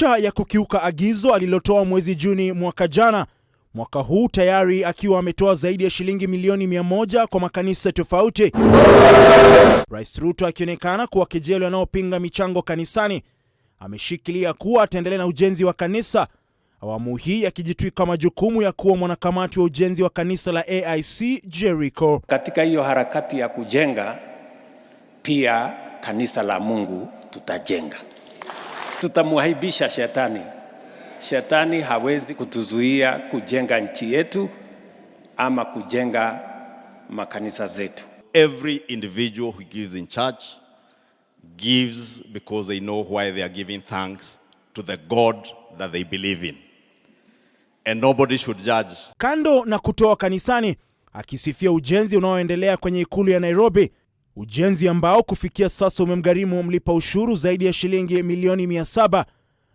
Licha ya kukiuka agizo alilotoa mwezi Juni mwaka jana, mwaka huu tayari akiwa ametoa zaidi ya shilingi milioni mia moja kwa makanisa tofauti, Rais Ruto akionekana kuwa kejeli anaopinga michango kanisani. Ameshikilia kuwa ataendelea na ujenzi wa kanisa, awamu hii akijitwika majukumu ya kuwa mwanakamati wa ujenzi wa kanisa la AIC Jericho. Katika hiyo harakati ya kujenga pia kanisa la Mungu tutajenga tutamwaibisha shetani. Shetani hawezi kutuzuia kujenga nchi yetu ama kujenga makanisa zetu. Every individual who gives in church gives because they know why they are giving thanks to the God that they believe in. And nobody should judge. Kando na kutoa kanisani, akisifia ujenzi unaoendelea kwenye ikulu ya Nairobi ujenzi ambao kufikia sasa umemgharimu mlipa ushuru zaidi ya shilingi milioni 700.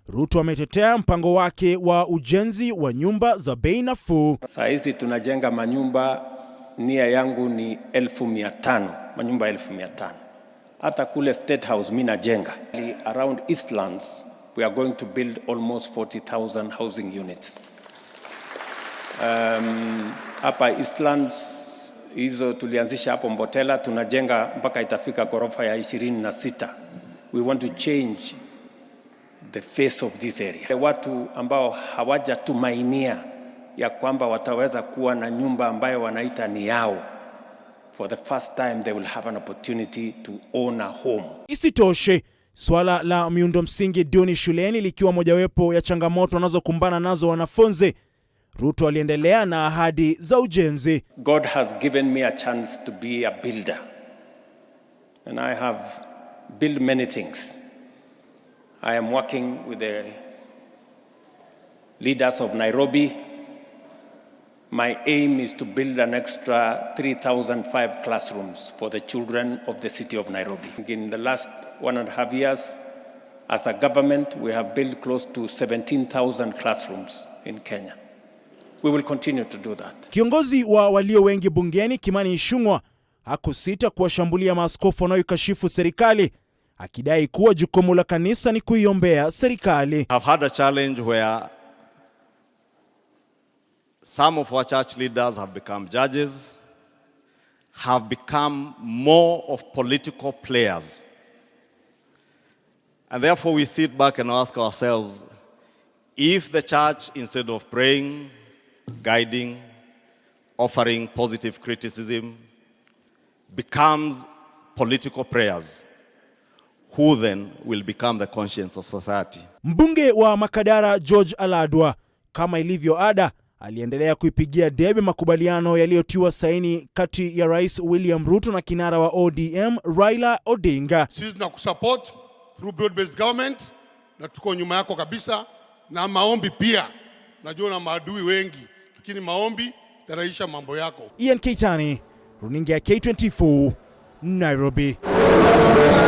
Ruto ametetea mpango wake wa ujenzi wa nyumba za bei nafuu. Saa hizi tunajenga manyumba, nia yangu ni elfu mia tano, manyumba elfu mia tano. Hata kule State House mimi najenga around Eastlands, we are going to build almost 40000 housing units um, hapa Eastlands hizo tulianzisha hapo Mbotela, tunajenga mpaka itafika ghorofa ya ishirini na sita. We want to change the face of this area. Watu ambao hawajatumainia ya kwamba wataweza kuwa na nyumba ambayo wanaita ni yao for the first time they will have an opportunity to own a home. Isitoshe, swala la miundo msingi duni shuleni likiwa mojawapo ya changamoto wanazokumbana nazo wanafunzi Ruto aliendelea na ahadi za ujenzi. God has given me a chance to be a builder. And I have built many things. I am working with the leaders of Nairobi. My aim is to build an extra 3,005 classrooms for the children of the city of Nairobi. In the last one and a half years, as a government, we have built close to 17,000 classrooms in Kenya. We will continue to do that. Kiongozi wa walio wengi bungeni Kimani Ichung'wa hakusita kuwashambulia maaskofu wanaoikashifu serikali akidai kuwa jukumu la kanisa ni kuiombea serikali. I've had a challenge where some of our church leaders have become judges, have become more of political players. And therefore we sit back and ask ourselves, if the church instead of praying guiding, offering positive criticism becomes political prayers who then will become the conscience of society. Mbunge wa Makadara George Aladwa, kama ilivyo ada, aliendelea kuipigia debe makubaliano yaliyotiwa saini kati ya Rais William Ruto na kinara wa ODM Raila Odinga. Sisi tunakusupport through broad based government na tuko nyuma yako kabisa, na maombi pia. Najua na maadui wengi lakini maombi tarahisha mambo yako. Ian Kitani, runinga K24, Nairobi.